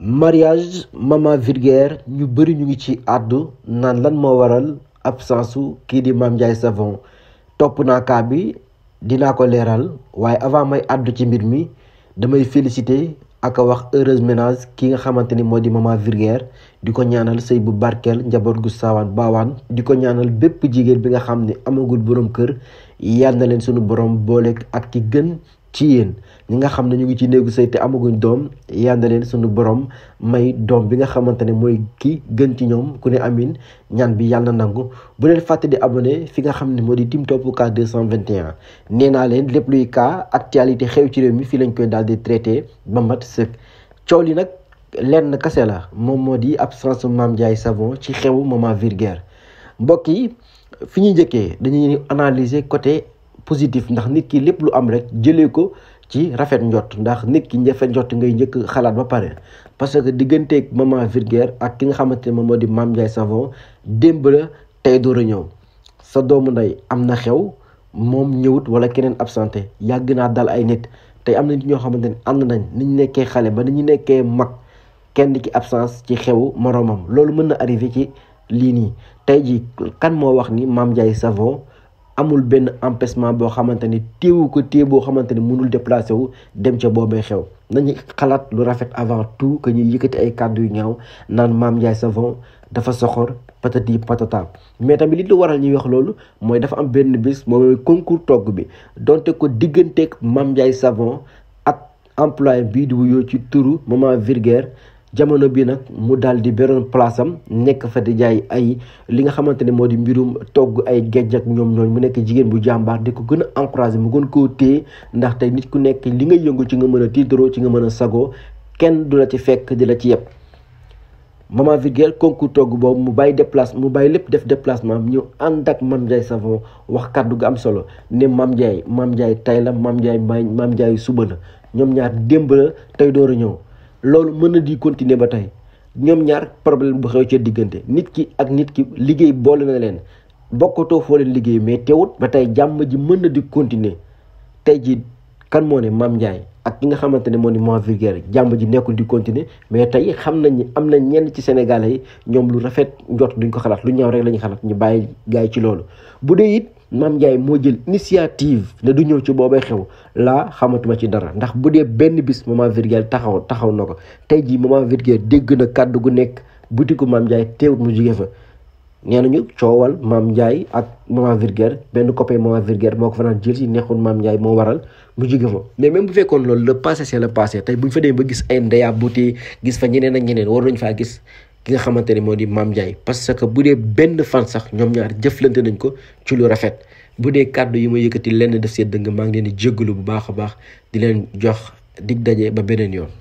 mariage mama Vulgaire ñu bëri ñu ngi ci àddu naan lan moo waral ab sansu kii di Mame Ndiaye Savon topp naa kaa bi dinaa ko leeral waaye avant may àddu ci mbir mi damay féliciter aka wax heureuse ménage ki nga xamante ni moo di mama Vulgaire di ko ñaanal sëy bu barkeel njaboot gu saawaan baawaan di ko ñaanal bépp jigéen bi nga xam ne amagul boroom kër yal na leen sunu borom boole ak ki gën ci yéen ñi nga xam ne ñu ngi ci néegu sëy te amaguñ doom yal na leen sunu borom may doom bi nga xamante ne mooy ki gën ci ñoom ku ne amin ñaan bi yàlla nangu bu leen fàtte di abonné fi nga xam ne moo di Timtop Cas 221 nee naa leen lépp luy cas actualité xew ci réew mi fii lañ koy daal di traité ba mat sëkk coow li nag lenn kase la moom moo di absence maam Ndiaye Savon ci xewu moment vulgaire mbokk yi fi ñuy njëkkee dañuy analyser côté positif ndax nit ki lépp lu am rek jëlee ko ci rafet njot ndax nit ki rafet njot ngay njëkk xalaat ba pare parce que digganteeg maman Vulgaire ak ki nga xamante ne moom moo di Mame Ndiaye Savon démb la tey door a ñëw sa doomu ndey am na xew moom ñëwut wala keneen absenté yàgg naa dal ay nit tey am na nit ñoo xamante am ànd nañ ni ñu nekkee xale ba ni ñu nekkee mag kenn ki absence ci xew moroomam loolu mën na arrivé ci lii nii tey ji kan moo wax ni maam Ndiaye Savon amul benn empêchement boo xamante ni téewu ko téew boo xamante ni mënul déplacé wu dem ca boobee xew nañu xalaat lu rafet avant tout que ñuy yëkkati ay kàddu yu ñaaw naan maam Ndiaye Savon dafa soxor patati patata mais tamit li lu waral ñuy wax loolu mooy dafa am benn bis mooy concours togg bi donte ko digganteeg Mame Ndiaye Savon ak employé bii di wuyoo ci turu moment Virgère jamono bi nag mu daal di beroon place am nekk fa di jaay ay li nga xamante ne moo di mbirum togg ay géej ak ñoom ñooñ mu nekk jigéen bu jàmbaar di ko gën a encouragé mu gën koo téye ndaxte nit ku nekk li nga yëngu ci nga mën a tiitaroo ci nga mën a sagoo kenn du la ci fekk di la ci yëpp maman Virgile concours togg boobu mu bay déplace mu bay lépp def déplacement am ñëw ànd ak Mame Ndiaye Savon wax kàddu gu am solo ni Mame Ndiaye Mame Ndiaye tey la Mame Ndiaye Mame Ndiaye suba la ñoom ñaar démb la tey door a ñëw loolu mën na di continuer ba tey ñoom ñaar problème bu xew ci diggante nit ki ak nit ki liggéey boole na leen bokkatoo foo leen liggéey mais teewut ba tey jàmm ji mën na di continuer tey ji kan moo ne Mame Ndiaye ak ki nga xamante ne moo ni Mame Boye Guèye jàmm ji nekkul di continuer mais tey xam nañ am na ñenn ci sénégalais yi ñoom lu rafet njort duñ ko xalaat lu ñaaw rek la ñuy xalaat ñu bàyyi gaay ci loolu bu dee it Mame Ndiaye moo jël initiative ne du ñëw ci boobay xew laa xamatuma ci dara ndax bu dee benn bis maman Virgile taxaw taxaw na ko tey jii maman Virgile dégg na kàddu gu nekk butiku Mame Ndiaye teewut mu jugee fa. nee nañu coowal Mame Ndiaye ak maman Virgile benn copain maman Virgile moo ko fa jël si neexul Mame Ndiaye moo waral mu jugee fa mais bu fekkoon lool le passé c'est le passé tey bu ñu fa demee ba gis ay bu buté gis fa ñeneen ak ñeneen war nañ faa gis. ki nga xamante ni moo di maam Ndiaye parce que bu dee benn fan sax ñoom ñaar jëflante nañ ko ci lu rafet bu dee kàddu yi ma yëkkati lenn def see dëng maa ngi leen di jéggalu bu baax a baax di leen jox dig daje ba beneen yoon.